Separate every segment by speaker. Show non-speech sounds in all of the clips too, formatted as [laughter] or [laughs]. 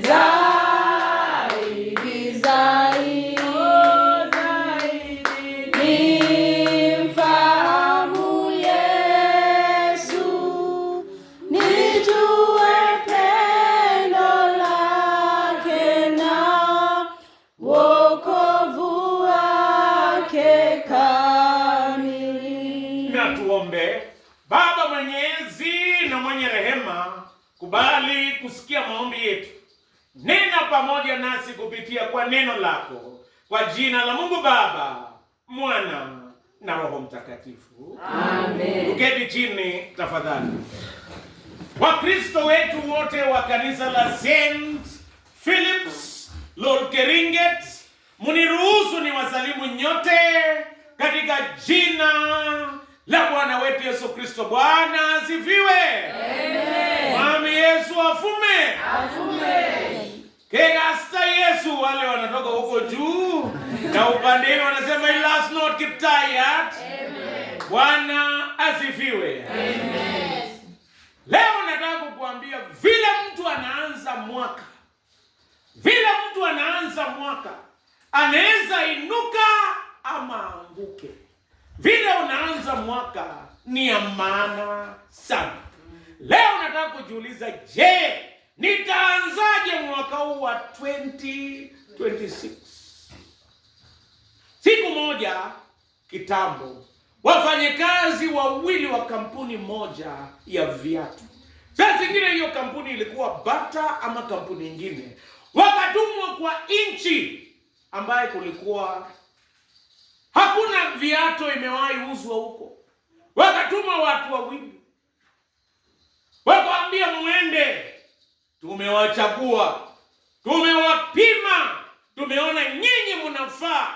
Speaker 1: Jesus.
Speaker 2: pamoja nasi kupitia kwa neno lako, kwa jina la Mungu Baba, Mwana na Roho Mtakatifu,
Speaker 3: amen.
Speaker 2: Tuketi chini tafadhali. Wakristo wetu wote wa kanisa la St. Philip's Keringet, muniruhusu ni wasalimu nyote katika jina la Bwana wetu Yesu Kristo. Bwana asifiwe.
Speaker 3: Amen.
Speaker 2: Mami Yesu afume,
Speaker 3: afume.
Speaker 2: Kegasta Yesu wale wanatoka huko juu na upande wanasema it last not keep tired.
Speaker 3: Amen.
Speaker 2: Bwana
Speaker 3: asifiwe. Amen.
Speaker 2: Leo nataka kukuambia vile mtu anaanza mwaka, vile mtu anaanza mwaka anaweza inuka ama anguke. Vile unaanza mwaka ni ya maana sana. Leo nataka kujiuliza, je, nitaanzaje mwaka huu wa 2026? Siku moja kitambo, wafanyakazi wawili wa kampuni moja ya viatu, saa zingine hiyo kampuni ilikuwa Bata ama kampuni nyingine, wakatumwa kwa nchi ambaye kulikuwa hakuna viatu imewahi uzwa huko. Wakatuma watu wawili, wakaambia mwende tumewachagua, tumewapima, tumeona nyinyi mnafaa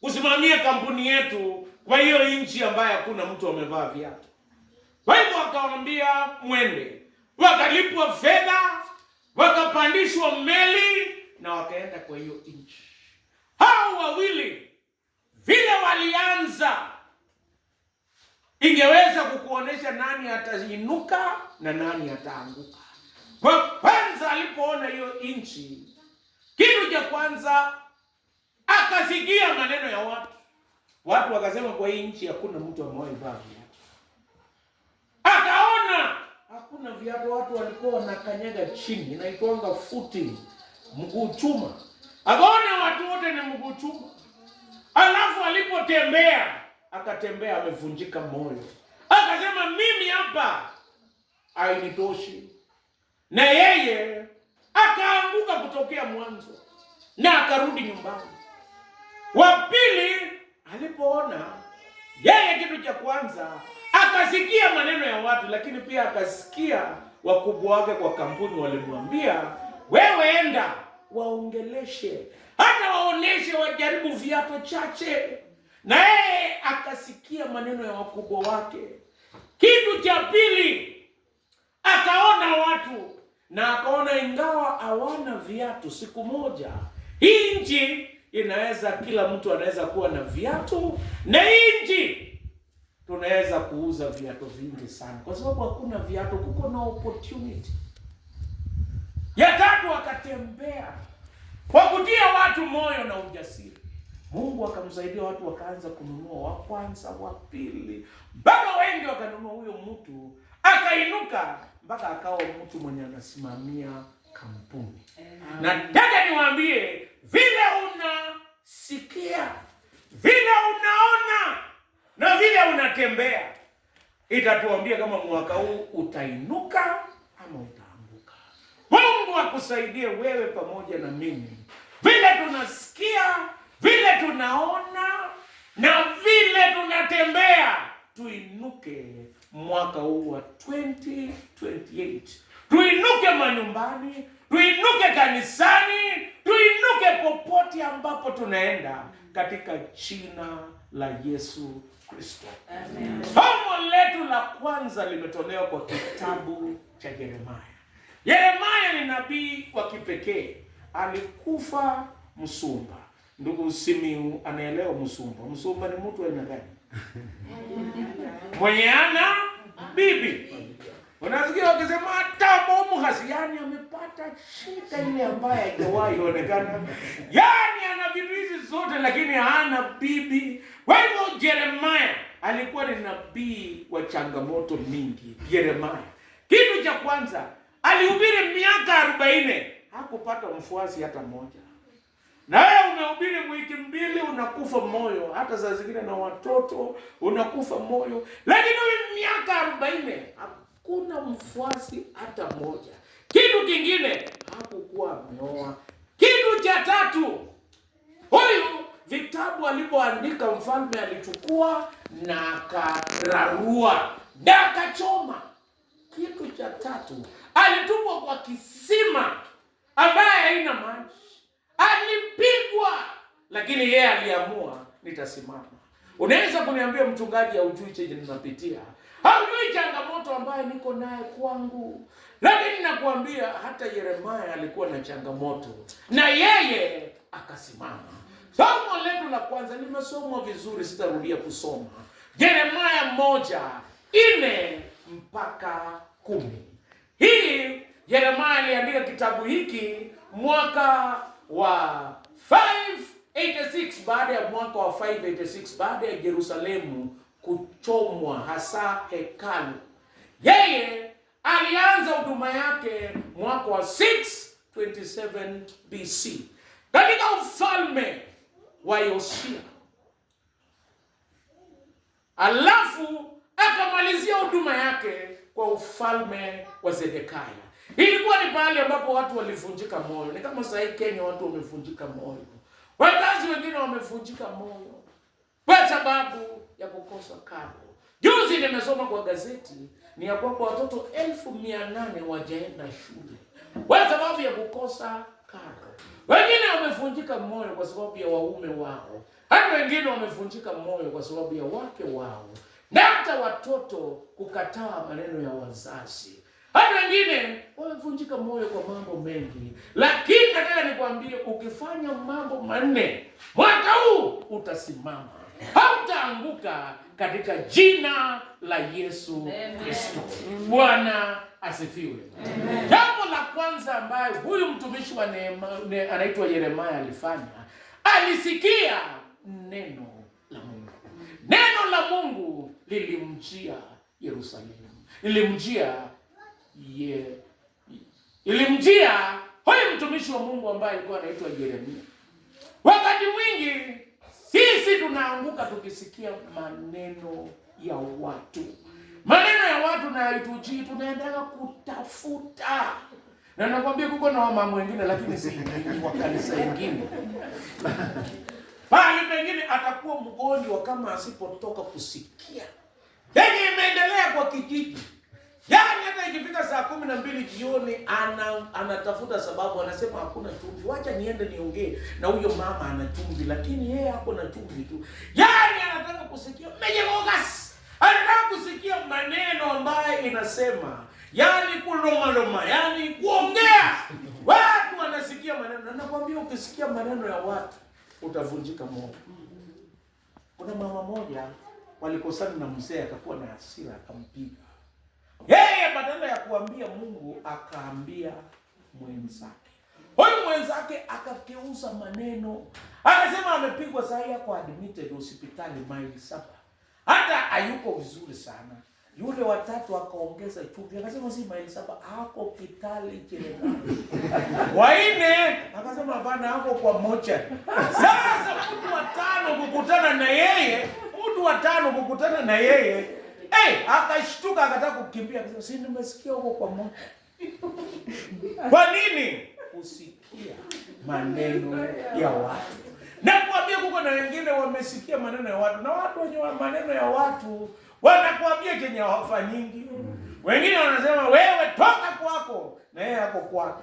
Speaker 2: kusimamia kampuni yetu kwa hiyo nchi ambayo hakuna mtu amevaa viatu. Kwa hivyo wakawaambia mwende, wakalipwa fedha, wakapandishwa meli na wakaenda kwa hiyo nchi. Hao wawili vile walianza, ingeweza kukuonesha nani atainuka na nani ataanguka. Kwa kwanza alipoona hiyo nchi, kitu cha kwanza akasikia maneno ya watu. Watu wakasema kwa hii nchi hakuna mtu amewavaa viatu. Akaona hakuna viatu, watu walikuwa wanakanyaga chini, inaitwanga footing, mguu chuma. Akaona watu wote ni mguu chuma, alafu alipotembea akatembea amevunjika moyo, akasema mimi hapa hainitoshi na yeye akaanguka kutokea mwanzo na akarudi nyumbani. Wa pili alipoona yeye kitu cha kwanza akasikia maneno ya watu, lakini pia akasikia wakubwa wake kwa kampuni walimwambia, wewe enda waongeleshe, hata waoneshe, wajaribu viapo chache. Na yeye akasikia maneno ya wakubwa wake. Kitu cha pili akaona watu na akaona ingawa hawana viatu, siku moja hii nchi inaweza, kila mtu anaweza kuwa na viatu, na hii nchi tunaweza kuuza viatu vingi sana, kwa sababu hakuna viatu, kuko na opportunity. Ya tatu, akatembea kwa kutia watu moyo na ujasiri. Mungu akamsaidia, watu wakaanza kununua, wa kwanza, wa pili, mpaka wengi wakanunua. Huyo mtu akainuka mpaka akawa mtu mwenye anasimamia kampuni. Nataka niwaambie vile unasikia, vile unaona na vile unatembea itatuambia kama mwaka huu utainuka ama utaanguka. Mungu akusaidie wewe pamoja na mimi, vile tunasikia, vile tunaona na vile tunatembea, tuinuke mwaka huu wa 2028. Tuinuke manyumbani, tuinuke kanisani, tuinuke popote ambapo tunaenda katika jina la Yesu Kristo. Somo letu la kwanza limetolewa kwa kitabu cha Yeremaya. Yeremaya ni nabii wa kipekee, alikufa msumba. Ndugu simiu anaelewa msumba. Msumba ni mtu aina gani? [laughs] mwenye ana bibi. Unasikia wakisema hata mumuhasi, yani amepata shida ile ambayo haijawahi onekana, yani ana vitu hizi zote lakini hana bibi. Kwa hivyo Jeremiah alikuwa ni nabii wa changamoto mingi. Yeremia, kitu cha kwanza alihubiri miaka arobaini hakupata mfuasi hata mmoja na wewe umehubiri wiki mbili unakufa moyo, hata saa zingine na watoto unakufa moyo, lakini huyu miaka arobaini hakuna mfuasi hata mmoja. Kitu kingine hakukuwa ameoa. Kitu cha tatu, huyu vitabu alivyoandika mfalme alichukua na akararua na akachoma. Kitu cha tatu, alitupwa kwa kisima ambaye haina maji alipigwa, lakini yeye aliamua nitasimama. Unaweza kuniambia mchungaji, haujui chenye ninapitia, haujui changamoto ambayo niko naye kwangu, lakini nakuambia hata Yeremia alikuwa na changamoto na yeye akasimama. Somo letu la kwanza limesomwa vizuri, sitarudia kusoma Yeremia moja ine mpaka kumi. Hii Yeremia aliandika kitabu hiki mwaka wa 586 baada ya mwaka wa 586 baada ya Yerusalemu kuchomwa hasa hekalu. Yeye alianza huduma yake mwaka wa 627 BC katika ufalme wa Yosia, alafu akamalizia huduma yake kwa ufalme wa Zedekia. Ilikuwa ni pahali ambapo watu walivunjika moyo. Ni kama sasa Kenya watu wamevunjika moyo. Wakazi wengine wamevunjika moyo kwa sababu ya kukosa karo. Juzi nimesoma kwa gazeti ni ya kwamba watoto elfu mia nane wajaenda shule kwa sababu ya kukosa karo. Wengine wamevunjika moyo kwa sababu ya waume wao, hata wengine wamevunjika moyo kwa sababu ya wake wao, na hata watoto kukataa maneno ya wazazi. Hata wengine wamevunjika moyo kwa mambo mengi, lakini nataka nikwambie, ukifanya mambo manne mwaka huu utasimama, hautaanguka katika jina la Yesu Kristo. Bwana asifiwe. Jambo la kwanza ambayo huyu mtumishi wa neema ne, anaitwa Yeremia alifanya, alisikia neno la Mungu. Neno la Mungu lilimjia Yerusalemu, lilimjia yeah, ilimjia huyu mtumishi wa Mungu ambaye alikuwa anaitwa Yeremia. Wakati mwingi sisi tunaanguka tukisikia maneno ya watu, maneno ya watu na haitujii, tunaendelea kutafuta na nakwambia kuko na wamama wengine lakini si wa kanisa ingine bali pengine atakuwa mgonjwa kama asipotoka kusikia yenye yaani imeendelea kwa kijiji Yaani hata ikifika saa kumi na mbili jioni ana, anatafuta sababu, anasema hakuna chumvi, wacha niende niongee na huyo mama ana chumvi, lakini yeye hako na chumvi tu. Yaani anataka kusikia mejemogas, anataka kusikia maneno ambayo inasema yaani kulomaloma, yaani kuongea watu wanasikia maneno, na nakwambia ukisikia maneno ya watu utavunjika moyo. Kuna mama moja walikosana na mzee, akakuwa na hasira akampiga yeye badala ya kuambia Mungu akaambia mwenzake. Huyu mwenzake akakeuza maneno, akasema amepigwa sahi, yako admitted hospitali maili saba, hata hayuko vizuri sana. Yule watatu akaongeza chumvi, akasema si maili saba, ako kitali Jerumani. [laughs] Waine akasema hapana, ako kwa mocha. Sasa mtu watano kukutana na yeye, mtu watano kukutana na yeye hey, akashtuka akataka kukimbia, akasema si nimesikia huko kwa moto. [laughs] Kwa nini kusikia maneno ya watu? Nakwambia kuko na wengine wamesikia maneno ya watu, na watu wenye maneno ya watu wanakuambia chenye nyingi Wengine wanasema wewe toka kwako, na yeye ako kwake.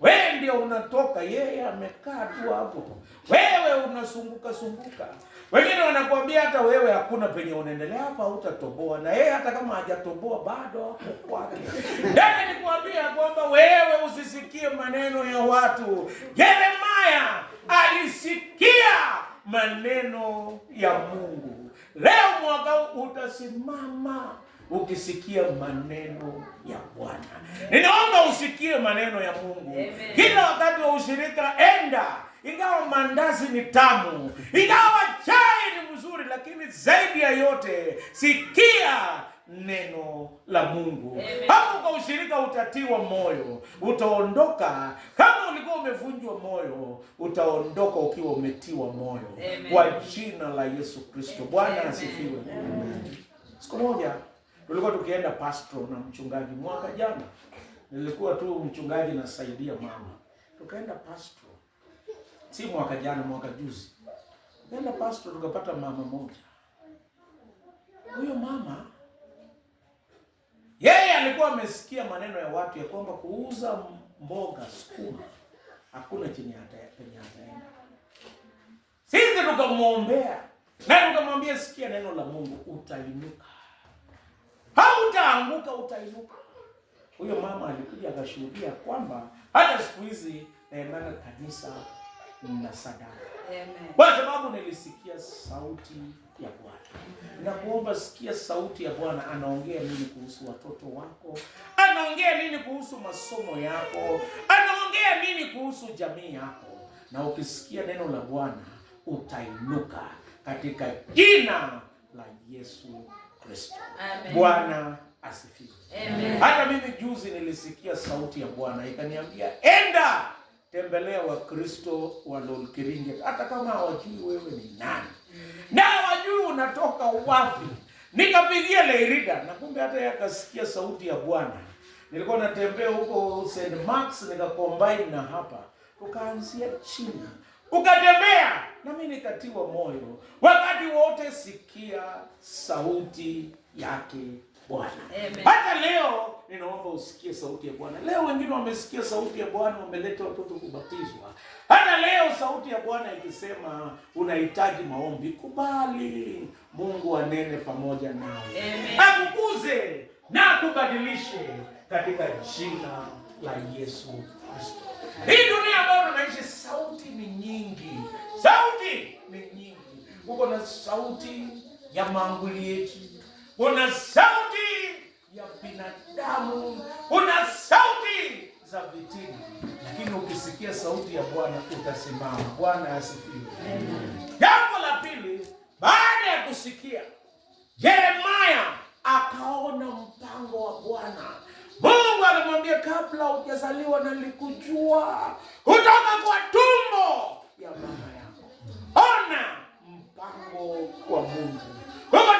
Speaker 2: Wewe ndio unatoka, yeye amekaa tu hapo. Wewe unasunguka sunguka wengine wanakuambia hata wewe hakuna penye unaendelea hapa, hutatoboa. Na yeye hata kama hajatoboa bado kwake. Ndio [laughs] nikwambia kwamba wewe usisikie maneno ya watu. Yeremia alisikia maneno ya Mungu. Leo mwaka utasimama ukisikia maneno ya Bwana. Ninaomba usikie maneno ya Mungu kila wakati wa ushirika, enda ingawa mandazi ni tamu, ingawa chai ni mzuri, lakini zaidi ya yote sikia neno la Mungu. Hapo kwa ushirika utatiwa moyo, utaondoka kama ulikuwa umevunjwa moyo, utaondoka ukiwa umetiwa moyo Amen. Kwa jina la Yesu Kristo, Bwana asifiwe. Siku moja tulikuwa tukienda pastro na mchungaji mwaka jana, nilikuwa tu mchungaji nasaidia mama, tukaenda pastro si mwaka jana, mwaka juzi. nenda pastor, tukapata mama moja. Huyo mama yeye alikuwa amesikia maneno ya watu ya kwamba kuuza mboga sukuma hakuna chenye penye ataenda. Sisi tukamwombea na tukamwambia, sikia neno la Mungu, utainuka, hautaanguka, utainuka. Huyo mama alikuja akashuhudia kwamba hata siku hizi naendana eh, kanisa na sadaka. Kwa sababu nilisikia sauti ya Bwana. Nakuomba sikia sauti ya Bwana, anaongea nini kuhusu watoto wako? Anaongea nini kuhusu masomo yako? Anaongea nini kuhusu jamii yako? Na ukisikia neno la Bwana utainuka katika jina la Yesu Kristo. Bwana asifiwe. Hata mimi juzi nilisikia sauti ya Bwana ikaniambia, enda tembelea Wakristo Walolkiringe, hata kama hawajui wewe ni nani mm. na hawajui unatoka wapi. Nikapigia Leirida na kumbe hata yakasikia sauti ya Bwana. Nilikuwa natembea huko St. max nikakombaini na hapa, tukaanzia china ukatembea nami nikatiwa moyo. Wakati wote sikia sauti yake Bwana. Hata leo ninaomba usikie sauti ya Bwana. Leo wengine wamesikia sauti ya Bwana, wameleta watoto kubatizwa. Hata leo sauti ya Bwana ikisema unahitaji maombi, kubali Mungu anene pamoja nawe, akukuze na akubadilishe katika jina la Yesu Kristo. Hii dunia ambayo tunaishi, sauti ni nyingi, sauti ni nyingi. Uko na sauti ya yetu kuna sauti ya binadamu, kuna sauti za vitini, lakini ukisikia sauti ya Bwana utasimama. Bwana asifiwe. Jambo la pili, baada ya kusikia, Yeremia akaona mpango wa Bwana. Mungu alimwambia, kabla hujazaliwa nalikujua, kutoka kwa tumbo ya mama yako. Ona mpango wa Mungu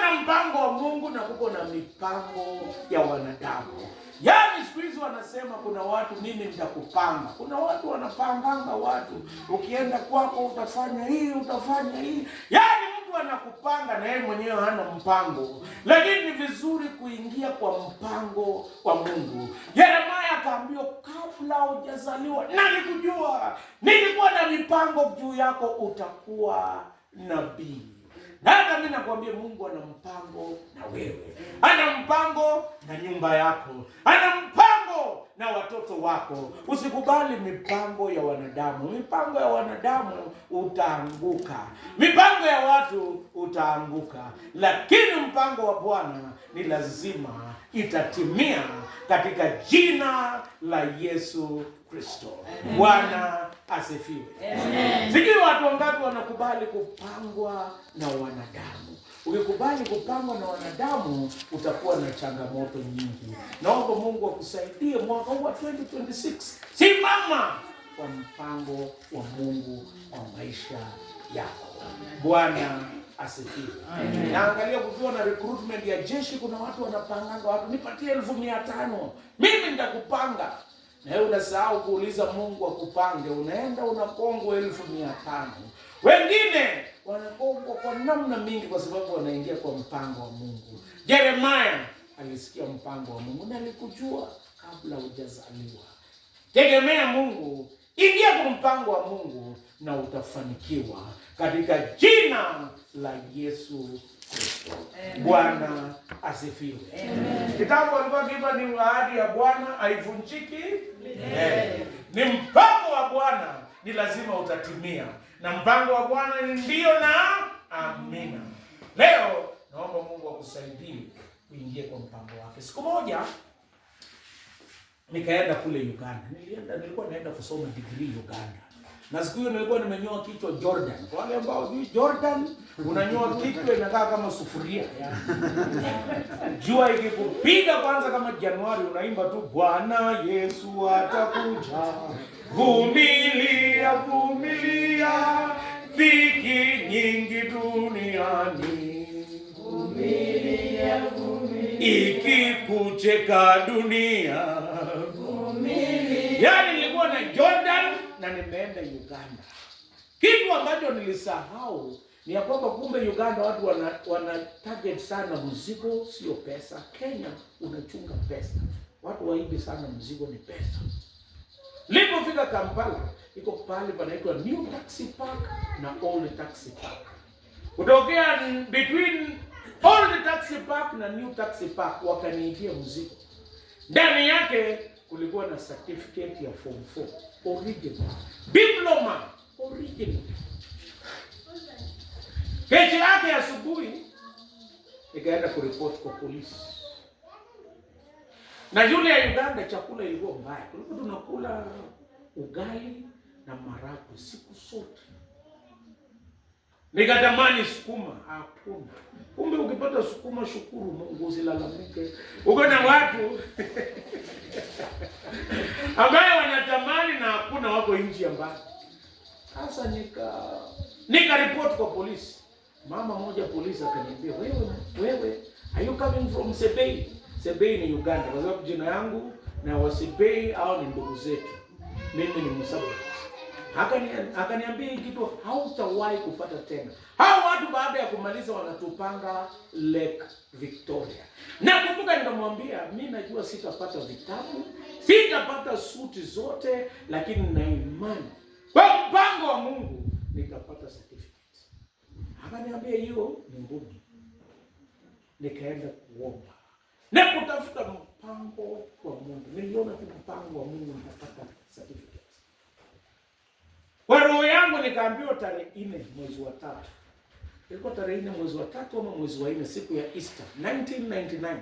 Speaker 2: na mpango wa Mungu na kuko na mipango ya wanadamu. Yaani siku hizi wanasema kuna watu mimi nitakupanga. Kuna watu wanapanganga watu, ukienda kwako utafanya hii, utafanya hii. Yaani mtu anakupanga na yeye mwenyewe hana mpango, lakini ni vizuri kuingia kwa mpango wa Mungu. Yeremia akaambiwa, kabla hujazaliwa nalikujua, nilikuwa na mipango juu yako, utakuwa nabii. Dada, mimi nakwambia Mungu ana mpango na wewe, ana mpango na nyumba yako, ana mpango na watoto wako. Usikubali mipango ya wanadamu. Mipango ya wanadamu utaanguka, mipango ya watu utaanguka, lakini mpango wa Bwana ni lazima itatimia katika jina la Yesu Kristo. Bwana asifiwe. Amen. Sijui watu wangapi wanakubali kupangwa na wanadamu. Ukikubali kupangwa na wanadamu utakuwa na changamoto nyingi. Naomba Mungu akusaidie mwaka huu wa 2026. Simama kwa mpango wa Mungu kwa maisha yako. Bwana asifiwe. Naangalia kukiwa na recruitment ya jeshi, kuna watu wanapanganga watu, nipatie elfu mia tano mimi nitakupanga na wewe unasahau kuuliza Mungu akupange. Unaenda unakongwa elfu mia tano, wengine wanakongwa kwa namna mingi, kwa sababu wanaingia kwa mpango wa Mungu. Yeremia alisikia mpango wa Mungu na alikujua kabla hujazaliwa. Tegemea Mungu, ingia kwa mpango wa Mungu na utafanikiwa katika jina la Yesu. Bwana asifiwe. Kitabu alikuwa kiva ni ahadi ya Bwana haivunjiki, ni mpango wa Bwana ni lazima utatimia, na mpango wa Bwana ni ndio na amina. Leo naomba Mungu akusaidie uingie kwa mpango wake. Siku moja nikaenda kule Uganda, nilienda nilikuwa naenda kusoma degree Uganda na siku hiyo nilikuwa nimenyoa kichwa Jordan. Kwa wale ambao ni Jordan, unanyoa kichwa inakaa kama sufuria. Jua ikikupiga kwanza kama Januari, unaimba tu Bwana Yesu atakuja. Vumilia, vumilia dhiki nyingi duniani.
Speaker 3: Vumilia,
Speaker 2: vumilia ikikucheka dunia.
Speaker 3: Vumilia.
Speaker 2: Yaani nimeenda Uganda. Kitu ambacho nilisahau ni ya kwamba kumbe Uganda watu wana, wana target sana mzigo, sio pesa. Kenya unachunga pesa, watu waibi sana mzigo, ni pesa. Nilipofika Kampala, iko pale panaitwa New Taxi Park na Old Taxi Park. Kutokea between Old Taxi Park na New Taxi Park wakaniitia mzigo ndani yake kulikuwa na certificate ya form 4 original, diploma original. Kesho yake asubuhi nikaenda kuripoti kwa polisi, na yule ya Uganda chakula ilikuwa mbaya, kulikuwa tunakula ugali na maragwe siku zote. Nikatamani sukuma, hakuna. Kumbe ukipata sukuma, shukuru Mungu, usilalamike. Uko na watu [laughs] ambayo wanatamani na hakuna, wako nji ya mbali. Sasa nika nikaripoti kwa polisi. Mama moja polisi akaniambia, wewe wewe, are you coming from Sebei? Sebei ni Uganda, kwa sababu jina yangu na Wasebei au ni ndugu zetu. Mimi ni Msabati akaniambia hii kitu hautawahi kupata tena. Hao watu baada ya kumaliza wanatupanga Lake Victoria, na kumbuka, nikamwambia mi najua sitapata vitabu, sitapata suti zote, lakini na imani kwa mpango wa Mungu nitapata certificate. Akaniambia hiyo ni ngumu. Nikaenda kuomba na kutafuta mpango wa Mungu, niliona tu mpango wa Mungu, nikapata certificate. Kwa roho yangu nikaambiwa tarehe nne mwezi wa tatu, ilikuwa tarehe nne mwezi wa tatu ama mwezi wa nne, siku ya Easter 1999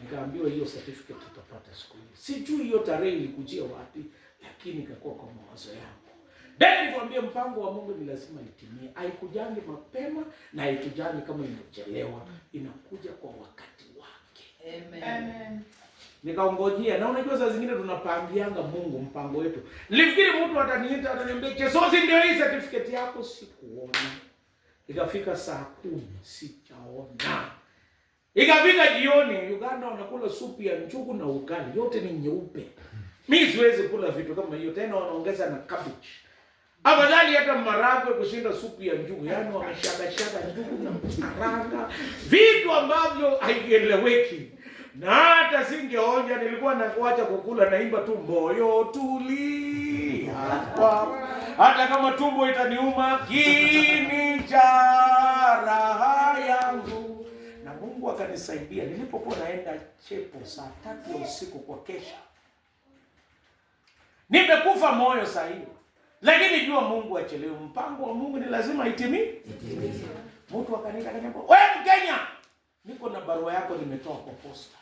Speaker 2: nikaambiwa hiyo certificate tutapata siku hiyo. Sijui hiyo tarehe ilikujia wapi, lakini ikakuwa kwa mawazo yangu. Then nikwambia mpango wa Mungu ni lazima itimie. Haikujangi mapema na haitujangi kama imechelewa, inakuja kwa wakati wake.
Speaker 3: Amen. Amen
Speaker 2: nikaongojea. Na unajua saa zingine tunapangianga Mungu mpango wetu. lifikiri mtu ataniita ataniambia, Kesosi, ndio hii certificate yako. Sikuona, ikafika saa kumi sijaona, ikafika jioni, Uganda wanakula supu ya njugu na ugali, yote ni nyeupe. Mi siwezi kula vitu kama hiyo tena, wanaongeza na cabbage. Afadhali hata maragwe kushinda supu ya njugu. Yaani wameshagashaka njugu na maraga, vitu ambavyo haieleweki na hata singeonja, nilikuwa nakuacha kukula, naimba tu moyo tulia, hata kama tumbo itaniuma, kini cha raha yangu. Na Mungu akanisaidia, nilipokuwa naenda chepo saa tatu ya usiku kwa kesha, nimekufa moyo saa hiyo, lakini jua Mungu achelewe, mpango wa Mungu ni lazima itimie. Mtu akaniita akaniambia, wewe Mkenya, niko na barua yako, nimetoa kwa posta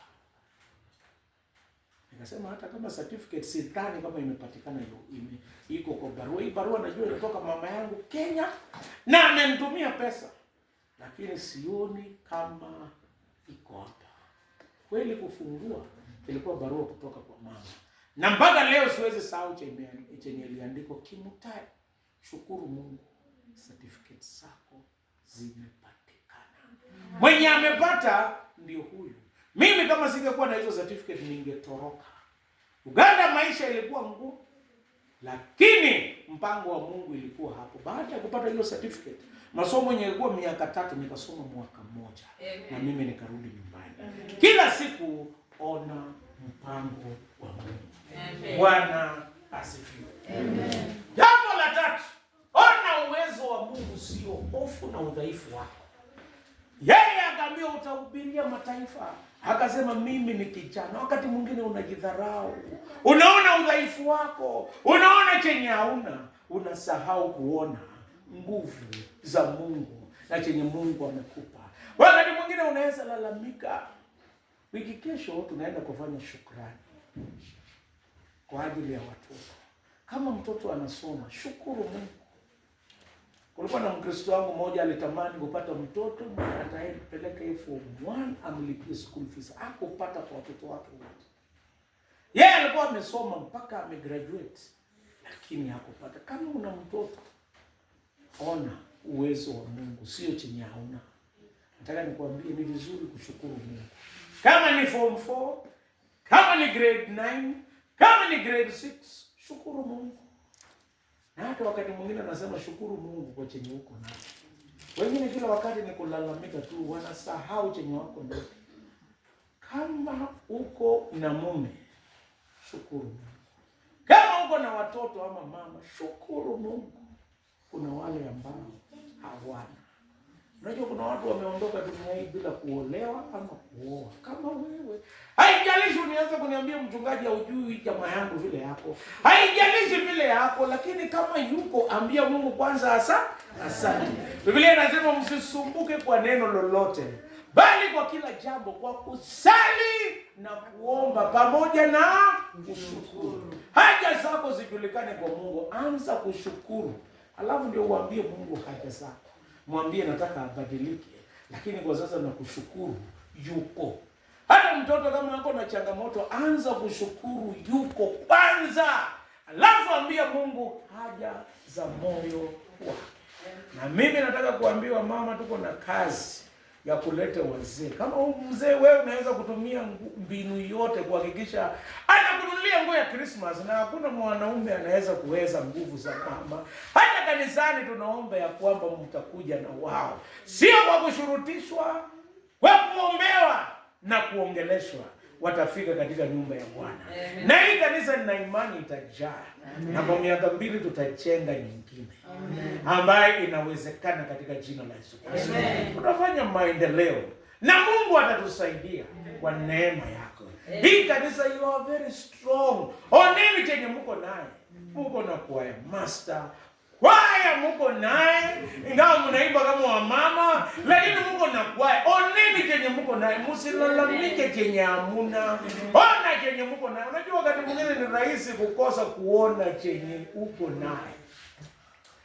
Speaker 2: Nasema hata kama certificate sidhani kama imepatikana hiyo iko kwa barua. Hii barua najua inatoka mama yangu Kenya na amenitumia pesa. Lakini sioni kama iko hapa. Kweli kufungua ilikuwa barua kutoka kwa mama. Na mpaka leo siwezi sahau chenye iliandikwa Kimutai. Shukuru Mungu, certificate zako zimepatikana. Mwenye amepata ndio huyu mimi kama singekuwa na hizo certificate ningetoroka. Uganda maisha ilikuwa ngumu, lakini mpango wa Mungu ilikuwa hapo. Baada ya kupata hiyo certificate, masomo yenye ilikuwa miaka tatu nikasoma mwaka mmoja. Na mimi nikarudi nyumbani. Kila siku ona mpango wa Mungu. Bwana asifiwe. Jambo la tatu, ona uwezo wa Mungu sio hofu na udhaifu wako. yeah ndio utahubiria mataifa. Akasema mimi ni kijana. Wakati mwingine unajidharau, unaona udhaifu wako, unaona chenye hauna, unasahau kuona nguvu za Mungu na chenye Mungu amekupa. Wakati mwingine unaweza lalamika. Wiki kesho tunaenda kufanya shukrani kwa ajili ya watoto. Kama mtoto anasoma, shukuru Mungu Kulikuwa na Mkristo wangu mmoja alitamani kupata mtoto atakayempeleka form one amlipie school fees. Hakupata kwa watoto wake wote. Yeye alikuwa amesoma mpaka amegraduate lakini hakupata. Kama una mtoto ona uwezo wa Mungu sio chenye hauna. Nataka nikwambie ni vizuri kushukuru Mungu. Kama ni form 4, kama ni grade 9, kama ni grade 6, shukuru Mungu. Na hata wakati mwingine anasema shukuru Mungu kwa chenye uko nacho. Wengine kila wakati ni kulalamika tu, wanasahau chenye wako ndio. Kama uko na mume, shukuru Mungu. Kama uko na watoto ama mama, shukuru Mungu. Kuna wale ambao hawana Unajua kuna watu wameondoka dunia hii bila kuolewa ama kuoa. Kama wewe, haijalishi unianza kuniambia mchungaji, haujui jamaa yangu vile yako, haijalishi vile yako, lakini kama yuko ambia Mungu kwanza. Asa asante. Biblia inasema msisumbuke kwa neno lolote, bali kwa kila jambo kwa kusali na kuomba pamoja na
Speaker 3: kushukuru,
Speaker 2: haja zako zijulikane kwa Mungu. Anza kushukuru, alafu ndio uambie Mungu haja zako mwambie nataka abadilike, lakini kwa sasa nakushukuru yuko. Hata mtoto kama ako na changamoto, anza kushukuru yuko kwanza, alafu ambia Mungu haja za moyo wake. Na mimi nataka kuambiwa mama, tuko na kazi ya kuleta wazee. Kama mzee wewe unaweza kutumia mbinu yote kuhakikisha anakununulia nguo ya Christmas, na hakuna mwanaume anaweza kuweza nguvu za mama. Hata kanisani tunaomba ya kwamba mtakuja na wao, sio kwa kushurutishwa, kwa kuombewa na kuongeleshwa watafika katika nyumba ya Bwana na hii kanisa nina imani itajaa, na kwa miaka mbili tutachenga nyingine ambayo inawezekana katika jina la Yesu Kristo. Tutafanya maendeleo na Mungu atatusaidia kwa neema yako. Hii kanisa you are very strong. Oneni chenye mko naye, mko na kwaya master kwaya muko naye, ingawa mnaimba kama wamama, lakini muko na kwaya. Oneni chenye muko naye, msilalamike chenye hamuna. Ona chenye muko naye. Unajua wakati mwingine ni rahisi kukosa kuona chenye uko naye.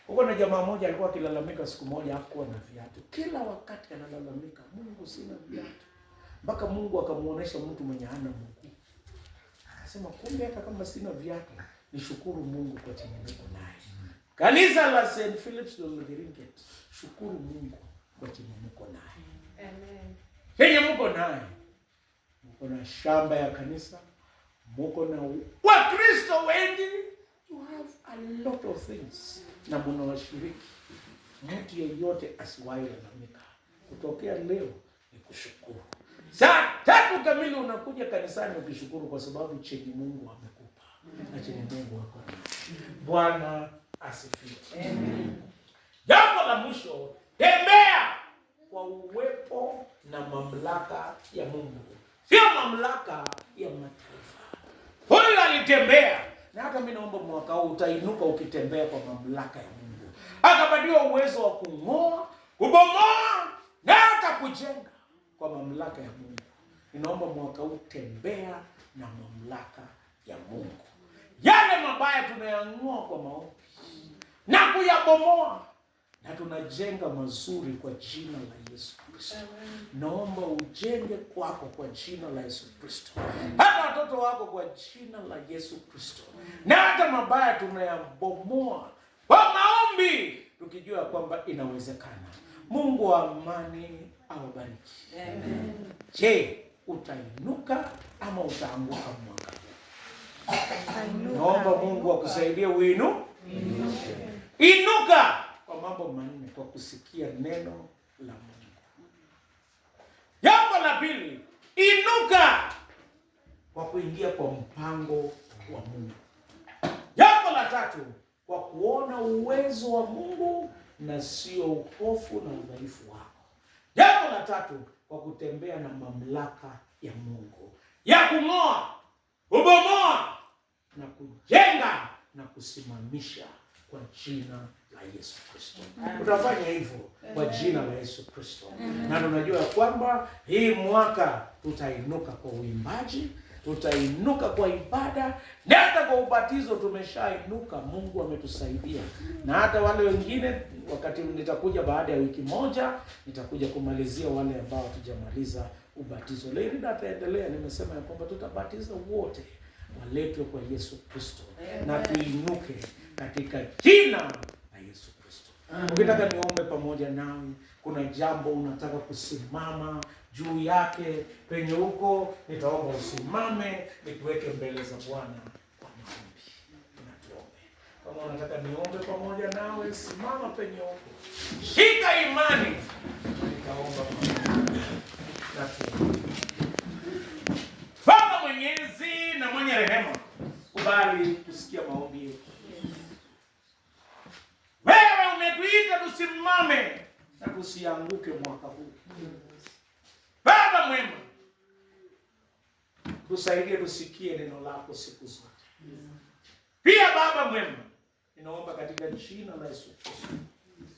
Speaker 2: Huko na jamaa moja alikuwa akilalamika, siku moja hakuwa na viatu, kila wakati analalamika, Mungu sina viatu, mpaka Mungu akamuonesha mtu mwenye hana mguu. Anasema kumbe hata kama sina viatu nishukuru Mungu kwa chenye niko naye. Kanisa la St. Philip's Olodiriget, shukuru Mungu kwa chenye mko naye. Amen. Chenye mko naye. Mko na shamba ya kanisa, mko na Wakristo wengi. You have a lot of things na washiriki. Mtu yeyote asiwahi lalamika. Kutokea leo ni kushukuru. Saa tatu kamili unakuja kanisani ukishukuru kwa sababu chenye Mungu amekupa na chenye Mungu wako. Bwana asifiwe. Jambo la mwisho, tembea kwa uwepo na mamlaka ya Mungu, sio mamlaka ya mataifa. Huyu alitembea, na hata mimi naomba mwaka huu utainuka ukitembea kwa mamlaka ya Mungu, akapatiwa uwezo wa kung'oa, kubomoa na hata kujenga kwa mamlaka ya Mungu. Ninaomba mwaka huu tembea na mamlaka ya Mungu yale mabaya tunayangua kwa maombi na kuyabomoa na tunajenga mazuri kwa jina la Yesu Kristo. Naomba ujenge kwako kwa jina la Yesu Kristo, hata watoto wako kwa jina la Yesu Kristo, na hata mabaya tunayabomoa kwa maombi, tukijua kwamba inawezekana. Mungu wa amani awabariki. Je, utainuka ama utaanguka? Naomba Mungu akusaidie uinu inuka kwa mambo manne, kwa kusikia neno la Mungu. Jambo la pili, inuka kwa kuingia kwa mpango wa Mungu. Jambo la tatu, kwa kuona uwezo wa Mungu na sio ukofu na udhaifu wako. Jambo la tatu, kwa kutembea na mamlaka ya Mungu ya kung'oa, kubomoa na kujenga na kusimamisha kwa jina la Yesu Kristo. Utafanya hivyo kwa jina la Yesu Kristo, na tunajua kwamba hii mwaka tutainuka kwa uimbaji, tutainuka kwa ibada na hata kwa ubatizo. Tumeshainuka, Mungu ametusaidia, na hata wale wengine, wakati nitakuja baada ya wiki moja, nitakuja kumalizia wale ambao hatujamaliza ubatizo. Leirida ataendelea, nimesema ya kwamba tutabatiza wote waletwe kwa Yesu Kristo na tuinuke katika jina la Yesu Kristo. Ukitaka niombe pamoja nawe, kuna jambo unataka kusimama juu yake, penye huko nitaomba usimame, nikuweke mbele za Bwana kwa maombi. Natuombe kama unataka niombe pamoja nawe, simama penye huko, shika imani, nitaomba pamoja mwenyezi na mwenye rehema, kubali kusikia maombi yetu. Wewe umetuita tusimame na tusianguke mwaka huu. Baba mwema, tusaidie tusikie neno lako siku zote. Pia Baba mwema, ninaomba katika jina la Yesu Kristo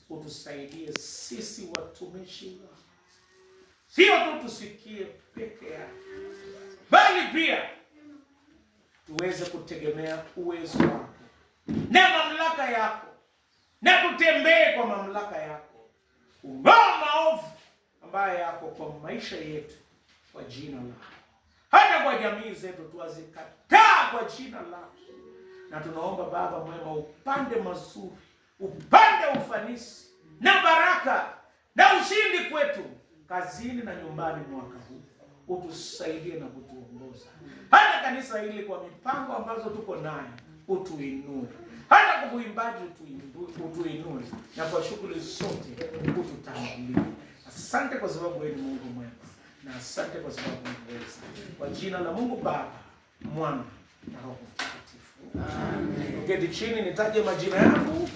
Speaker 2: utusaidie sisi watumishi, sio tu tusikie peke yake bali pia tuweze kutegemea uwezo wako na mamlaka yako na kutembee kwa mamlaka yako, ubao maovu ambayo yako kwa maisha yetu, kwa jina lako, hata kwa jamii zetu tuwazikataa kwa jina lako. Na tunaomba Baba mwema, upande mazuri, upande ufanisi na baraka na ushindi kwetu kazini na nyumbani mwaka huu utusaidie na kutuongoza. Hata kanisa hili kwa mipango ambazo tuko nayo utuinue, hata kwa uimbaji utuinue, na kwa shughuli zote ututangulie. Asante kwa sababu wewe ni Mungu mwema, na asante kwa sababu unaweza. Kwa jina la Mungu Baba, Mwana na Roho Mtakatifu, amen. Uketi chini nitaje majina yangu.